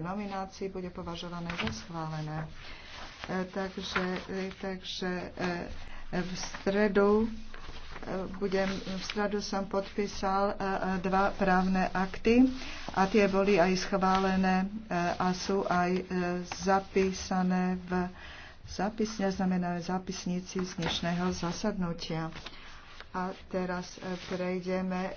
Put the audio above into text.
nominácií bude považované za schválené. E, takže, e, takže e, v stredu budem, v stredu som podpísal dva právne akty a tie boli aj schválené a sú aj zapísané v zapisne, znamená zapisníci z dnešného zasadnutia. A teraz prejdeme